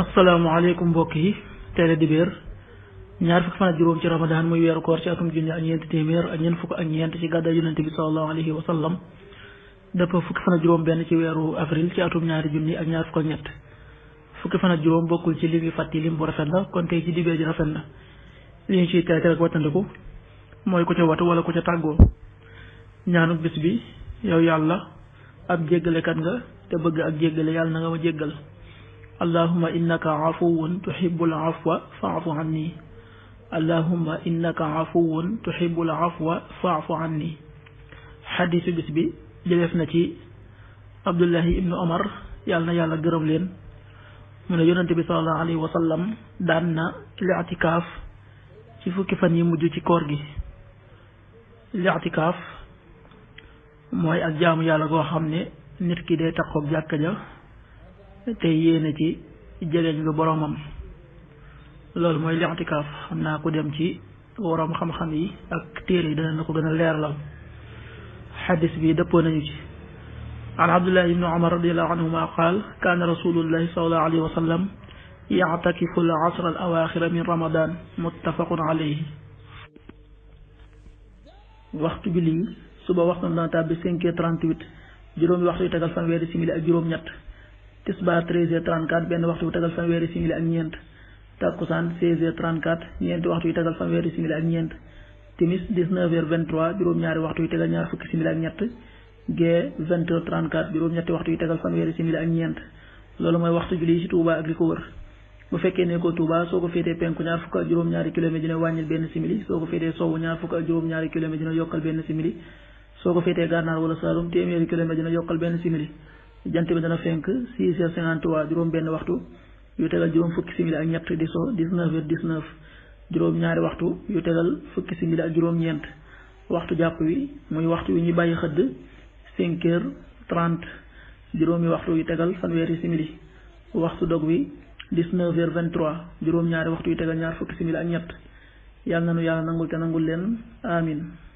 asalaamaaleykum mbokk yi teel dibéer ñaar fukki fan juróom ci ramadan muy weeru koor ci atum junni ak ñeenti téeméer ak ñeent fukk ak ñeent ci gàddaay yonente bi salallahu alayhi wa sallam dëpp fukki fan ci weeru avril ci ñaari junni ak ñaar fukk ñett fukki fan ak juróom bokkul ci lim yu fàtti lim bu rafet la kon tey ci dibéer ji rafet na li ñu ciy teete rek wattandiku mooy ku ca watu wala ku tàggoo ñaanu bis bi yow yàlla ab jéggalekat nga te bëgg ak jéggale yàlla na nga ma jéggal allahuma innaka afuwun tuhibbul afwa faafu anni allahuma innaka afuwun tuhibbul afwa faafu anni xadiisu bis bi jëleef na ci abdullahi ibnu omar yàlla na yàlla gërëm leen mu ne yonente bi salallahu alayhi wa sallam daan na liatikaaf ci fukki fan yi mujj ci koor gi liatikaaf mooy ak jaamu yàlla goo xam ne nit ki day taxoog jàkka ja te yéene ci jegeñ lu boromam loolu mooy lixtikaaf xam naa ko dem ci waroom xam-xam yi ak téere yi dana na ko gën a leerlal xadis bi dëppoo nañu ci an abdullah ibni omar radiallahu anhuma qaal kaana rasulullahi salallahu alayhi wa sallam yactakifu al asra al awaaxira min ramadan muttafaqun alayhi waxtu bi lii suba waxtu dana tàbbi cinq heures waxtu yu tegal fanweeri simili ak juróom ñett tisbaar 13h34 benn waxtu bu tegal fanweeri simili ak ñeent takkusaan 16h34 ñeenti waxtu yu tegal fanweeri simili ak ñeent timis 19h23 juróom-ñaari waxtu yu tegal ñaar fukki simili ak ñett gee ñetti waxtu yu tegal fanweeri simili ñeent loolu mooy waxtu julli ci Touba ak li ko wër bu fekkee ne ko soo ko féetee penku ñaar fukk ak juróom-ñaari kilomètre dina wàññil benn simili soo ko féetee sowwu ñaar fukk juróom-ñaari kilomètre dina yokkal benn simili soo ko féetee gànnaar wala Saalum téeméeri kilomètre dina yokkal benn simili jant bi dana fenk 6 heures 53 juróom benn waxtu yu tegal juróom fukki simili ak ñett di so 19 heures 19 juróom ñaari waxtu yu tegal fukki simili ak juróom ñeent waxtu jàpp wi muy waxtu wi ñuy bàyyi xëdd 5 heures 30 waxtu yu tegal fanweeri simili waxtu dog wi 19 heures 23 juróom ñaari waxtu yu tegal ñaar fukki simili ak ñett yàlla na nu yàlla nangul te nangul leen amin